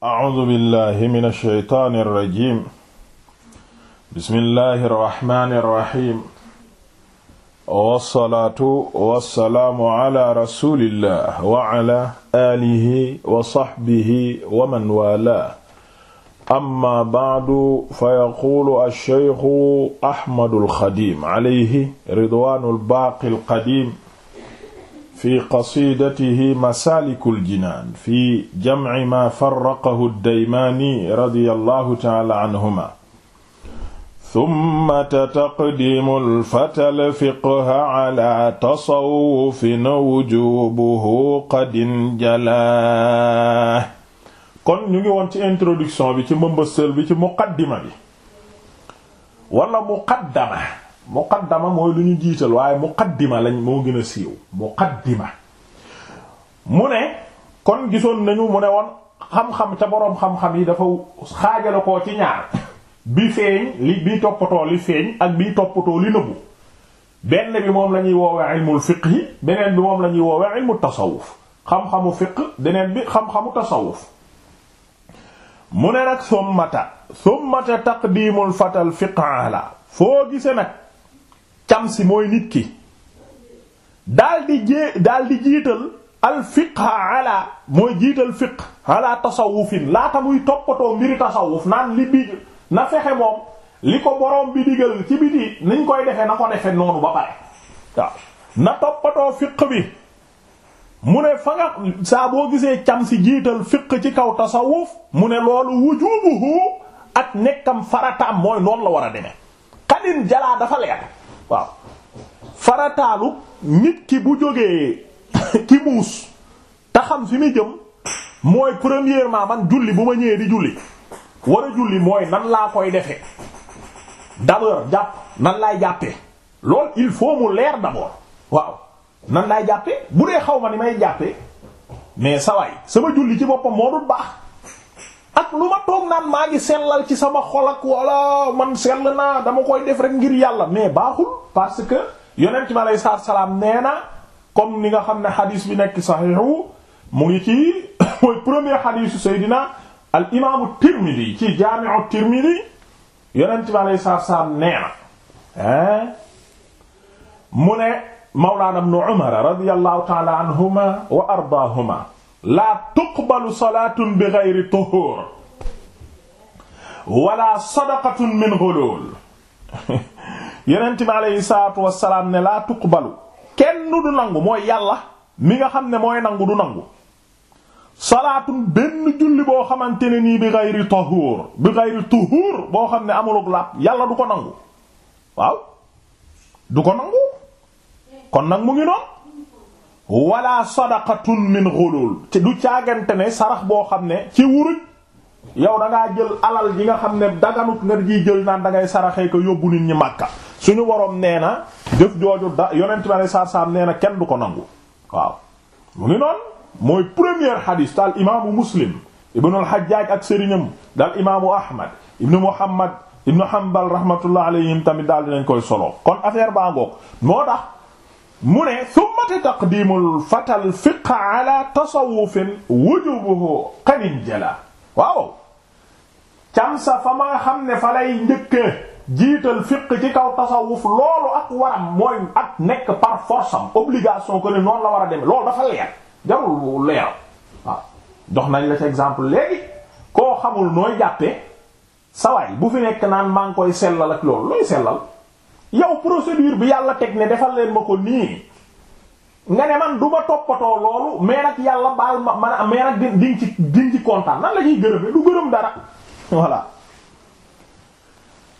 acuudu billahi min alsheytaani alrajim bismillahi arrahmani irrahim wassalaatu wassalaamu ala rasulillah waala aalihi wa saxbihi wa man waalaa amma bacdu fa yaquulu alsheykhu ahmadu alxadim alayhi ridwaanu albaaqi alqadim fi qasidatihi masaalikul jinaan fi jamci maa farraqahu ddaymaani radiyallahu taala anhuma summa tataqdimu lfatal fiqha ala tasawufin wujubuhu qadin jala kon ñu ngi woon ci introduction bi ci mbëmbësël bi ci muqaddima bi wala muqaddama muqaddama mooy lu ñu jiital waaye muqaddima lañu moo gën a siiw muqaddima mu ne kon gisoon nañu mu ne woon xam-xam ca boroom xam-xam yi dafa xaajale ko ci ñaar bi feeñ li bi toppatoo li feeñ ak bi toppatoo li nëbbu benn bi moom la ñuy woowe ilmul fiqhi beneen bi moom la ñuy woowe ilmu tasawuf xam-xamu fiqh beneen bi xam-xamu tasawuf mu ne nag summata summata taqdimul fatal fiqh la foo gise nag cam si mooy nit ki daal di jiital al fiqha ala mooy jiital fiqh ala tasawufin laata muy toppatoo mbiri tasawuf naan li bi na fexe moom li ko borom bi digal ci biti niñ koy defee na ko defe noonu ba pare na toppatoo fiqh bi mu ne fa nga saa boo gisee cam si jiital fiq ci kaw tasawuf mu ne loolu wujubuhu ak nekkam farataam mooy noonu la war a demee kadin jalaa dafa leer waaw farataalu nit ki bu jógee ki muus te xam fi mu jëm mooy premièrement man julli bu ma ñëwee di julli war a julli mooy nan laa koy defee d'abord jàpp nan laay jàppe lool il faut mu leer d'abord waaw nan laay jàppee bu dee xaw ma ni may jàppee mais sawaay sama julli ci boppam moo dul baax ak lu ma toog naan maa ngi sellal ci sama xol ak wala man sell naa dama koy def rek ngir yàlla mais baaxul parce que yonent bi aleyhi salaatu salaam nee na comme ni nga xam ne xadiis bi nekk saxiixu mu ngi ci mooy premier xadiisu Seydina al imaamu Tirmidi ci jaami'u Tirmidi yonent bi aleyhi salaatu salaam nee mu ne Mawlaana ibnu Umar radiyallahu ta'ala anhuma wa ardaahuma laa tukbalu salaatun bi ghayri tuhur wala sadaqatun min ghulul yonent bi aleyhi salaatu wassalaam ne laa tuqbalu kenn du nangu mooy yàlla mi nga xam ne mooy nangu du nangu salaatun benn julli boo xamante ne nii bi ghayri tuhur bi ghayri tuhur boo xam ne amulug làpp yàlla du ko nangu waaw du ko nangu kon nag ngi noonu wala sadaqatun min ghulul te du caagante ne sarax boo xam ne ci wuruj yow da jël alal ji nga xam ne daganut nga ji jël naan da ngay saraxee ko yóbbu nit ñi màkka suñu woroom nee na jëf jooju da yonent bi alei satu nee na kenn du ko nangu waaw mu ngi noonu mooy premier hadith te al imaamu muslim ibnu al hajjaj ak sëriñam daal imaamu ahmad ibnu muhammad ibnu hanbal rahmatullah alayhim tamit daal nañ koy solo kon affaire baa ngoog moo tax mu ne thumma taqdimul fatal fiqh ala tasawufin wujubuhu qadin jala waaw camsa fa maa xam ne fa lay njëkkee jiital fiqh ci kaw tasawuf loolu ak waram mooy ak nekk par force am obligation que ne noonu la war a demee loolu dafa leer jarul leer waaw nañ la exemple léegi koo xamul nooy jàppee sawaay bu fi nekk naan maa ngi koy sellal ak loolu looy sellal yow procédure bi yàlla teg ne defal leen ma ko nii nga ne man du toppatoo loolu mais nag yàlla baal ma man nag di ci di nan la ciy gërëme du gërëm dara voilà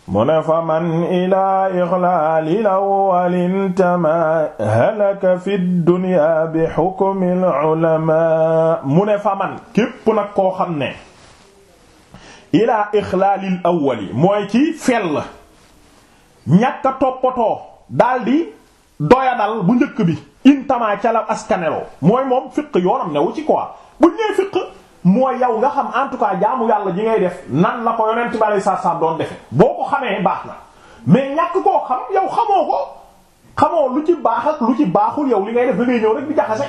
mu ne fa man ila ixlaalil awwalin tama halaka fi dunya bi hukmil ulama mu ne fa man képp nag koo xam ne ilaa ixlaalil awwali mooy ci fel ñàkk a toppatoo daal di doyadal bu njëkk bi intamaa ca la askaneloo mooy moom fiq yoonam newu ci quoi bu ñëwee fiq mooy yow nga xam en tout cas jaamu yàlla ji ngay def nan la ko yonent bi alei satu salaam doon defe boo ko xamee baax na mais ñàkk koo xam yow xamoo ko xamoo lu ci baax ak lu ci baaxul yow li ngay def la ngay ñëw rek di jaxase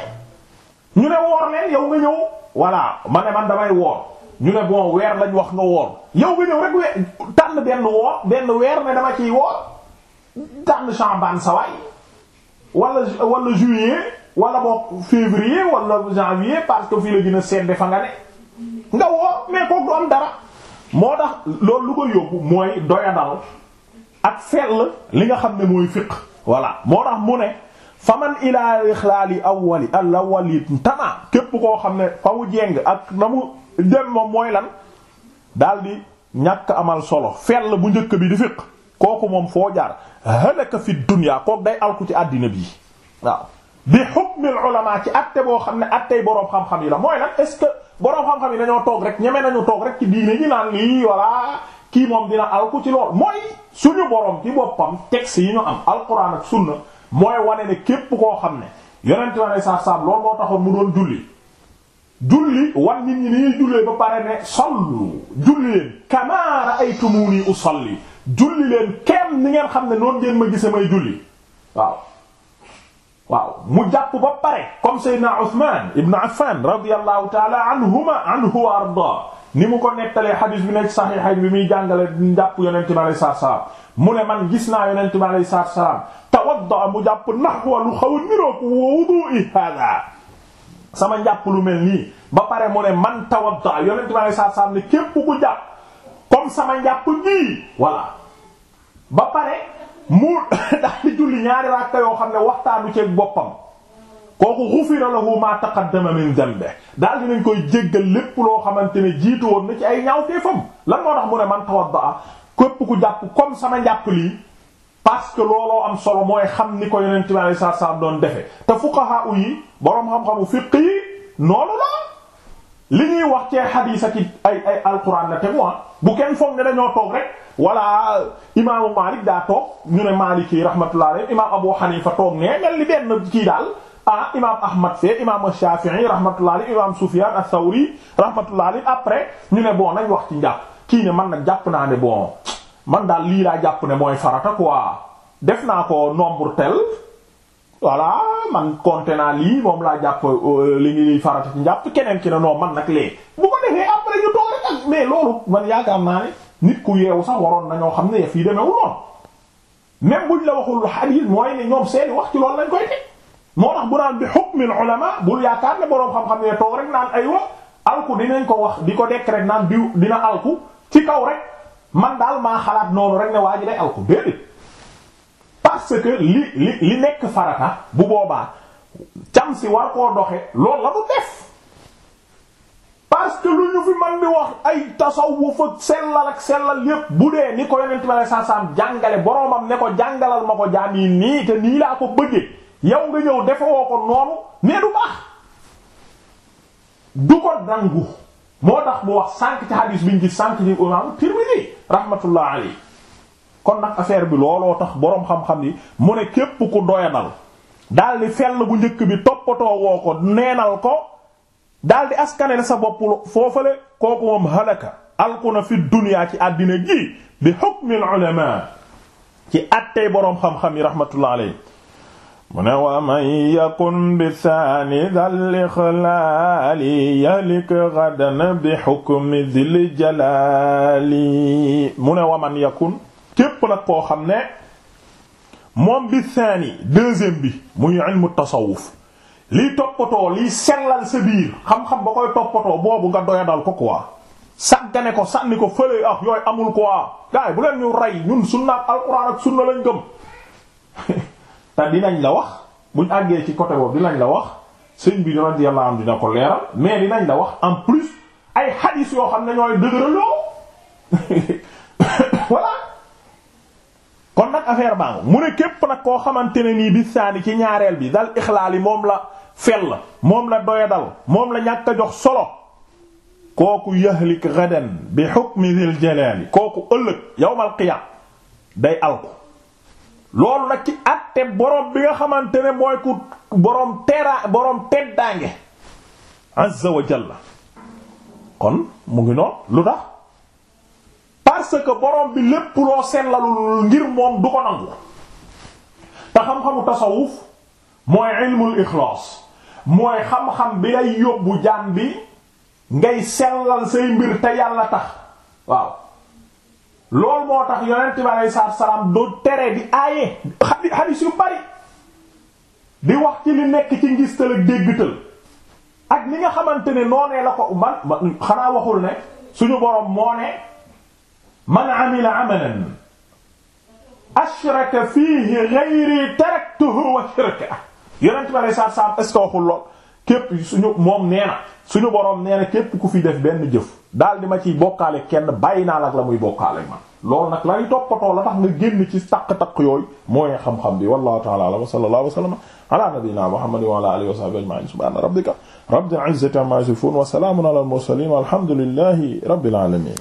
ñu ne woor leen yow nga ñëw voilà ma ne man damay woor ñu ne bon weer lañ wax nga woor yow nga ñëw rek we benn woor benn weer ne dama ciy woor tànn Sha'ban sa waay wala wala juillet wala boog février wala janvier parce que fii la gën a sedd fa nga ne nga woor mais kooku du am dara moo tax loolu lu ko yóbbu mooy doyadal ak sell li nga xam ne mooy fiq voilà moo tax mu ne faman ilaa ixlaali awwali al awwali képp koo xam ne fa mu jeng ak na mu dem moom mooy lan daldi ñàkk amal solo fell bu njëkk bi di fiq kooku moom foo jaar halaka fi dunya kooku day alku ci àddina bi waaw bi hukmil ulama ci atte boo xam ne attey boroom xam-xam yi la mooy nag est-ce que boroom xam-xam yi dañoo toog rek ñeme nañu toog rek ci diine yi naan lii walla kii moom dina alku ci lool mooy suñu boroom ci boppam texte yi ñu am alquran ak sunna mooy wane ne képp koo xam ne yonente ma ne saab-saab loolu moo taxoon mu doon julli julli wan nit ñi ni jullee ba pare ne sallu julli leen kamaa ra'aytumuni usalli julli leen kenn ni ngeen xam ne noonu ngeen ma gise may julli waaw waaw mu jàpp ba pare comme Seydina Usmaan ibn Affan radiyallahu taala anhuma anhu wa arda ni mu ko nettalee xadiis bi nekk saxiixayn bi muy jàngale njàpp yonente bi alayhi salaatu salaam mu ne man gis naa yonente bi alayhi salaatu salaam tawadda mu jàpp naxwa lu xaw a niroog wudu'i haadaa sama njàpp lu mel nii ba pare mu ne man tawadda yonent bi alei satu salaam ne képp ku jàpp comme sama njàpp nii voilà ba pare mu dax di julli ñaari ràkka yoo xam ne waxtaanu ceeg boppam kooku xufira lahu ma taqaddama min dambe daal dinañ koy jéggal lépp loo xamante ne jiitu woon na ci ay ñaawteefam lan moo tax mu ne man tawadda képp ku jàpp kom sama njàpp lii parce que looloo am solo mooy xam ni ko yonent bi alayhi salaam doon defe te fuqaha yi boroom xam-xamu fiqh yi noonu la li ñuy wax cee xadiis ak ay ay alquran la te ah. bu kenn foog ne dañoo toog rek wala euh, imaamu Maalik daa toog ñu ne Maaliki rahmatullahi alayhi imaam Abu Hanifa toog nee mel ni benn kii daal ah imaam Ahmad fee imaam Shafi'i rahmatullahi alayhi imaam Sufyan as-Sawri rahmatullahi alayhi après ñu ne boo nañ wax ci njàpp kii ne man jàpp naa ne bon. man daal lii laa jàpp ne mooy farata quoi def naa ko nombre tel voilà man compter naa lii moom laa jàpp euh, li ngi farata ci njàpp keneen ki ne non man nag lee bu ko defee mais loolu man yaakaar naa ne nit ku yeewu sax xam ne yaf yi demewu noonu même buñ la waxul hadith mooy ne ñoom seeni wax ci bu naan bi hukmil ulama bul yaakaar ne boroom alku dinañ ko wax di ko dekk rek naan diw dina alku ci kaw rek man daal maa xalaat noonu rek ne waa ji day alko parce que li li li nekk farata bu boobaa jam si war koo doxe loolu la mu def parce que lu ñu fi man di wax ay tasawuf ak sellal ak sellal yépp bu dee ni ko yonent bi alei sat salaam jàngale boroomam ne ko jàngalal ma ko jaam yi nii te nii laa ko bëggee yow nga ñëw defewoo ko noonu mais du baax du ko dangu moo tax bu wax sànq ci hadis bi ñu gis ci imam Tirmidhi rahmatullah alay kon nag affaire bi looloo tax boroom xam-xam yi mu ne képp ku doyanal daldi di bu njëkk bi toppatoo woo ko neenal ko daldi di sa bopp foofale kooku moom halaka alkuna fi dunya ci àddina gi bi hukmil ulama ci attey boroom xam-xam yi rahmatullah alay mu ne wa man yakun bi saani dal ixlaali yalik gadan bi xukmi dil jalaali mu ne wa man yakun képp nag koo xam ne moom bi saani deuxième bi muy ilmu tasawuf liy toppatoo liy sellal sa xam-xam ba koy toppatoo boobu nga doyadal ko quoi sàggane ko sànni ko fële ak ah, yooyu amul ko gars yi bu leen ñu rey ñun sunna alxuraan ak sunna lañ gëm te dinañ la wax buñ àggee ci côté boobu nañ la wax sëñ bi radiyallahu anhu dina ko leeral mais dinañ la wax en plus ay hadith yoo xam ne ñooy dëgëraloo voilà kon nag affaire baa mu ne képp nag koo xamante ne nii bi saani ci ñaareel bi dal ixlaal moom la fel moom la doyadal moom la ñàkk a jox solo kooku yahlik gadan bi hukmi dhil jalali kooku ëllëg yawmal qiyaam day alku loolu nag ci àtte borom bi nga xamante ne mooy ku borom teraa borom teddaange azza wa jalla kon mu ngi noonu lu tax parce que borom bi lépp loo sellalul ngir moom du ko nangu te xam-xamu tasawuf mooy ilmul ixlaas mooy xam-xam bi lay yóbbu jaam bi ngay sellal say mbir te yàlla tax waaw loolu moo tax yonent bi aleyhi salaatu wa salaam tere di aaye xadiis yu bari di wax ci li nekk ci ngistal ak déggtal ak li nga xamante ne noonee la ko man xanaa waxul ne suñu boroom moo ne man amila amalan ashraka fiihi ghayri taraktuhu wa shirkahu yonent bi aleyhi salaatu wa salaam est waxul lool képp suñu moom nee na suñu boroom nee na képp ku fi def benn jëf daal di ma ciy bokkaale kenn bàyyi naa la ak la muy bokkaale man loolu nag lay toppatoo la tax nga génn ci taq-taq yooyu mooy xam-xam bi wallahu ta'ala alam wa sallallahu wa sallama ala nabiyyina muhammadin wa ala alihi wa sahbihi ajma'in subhana rabbika rabbil izzati amma yasifun wa salamun ala al mursalin walhamdulillahi rabbil alamin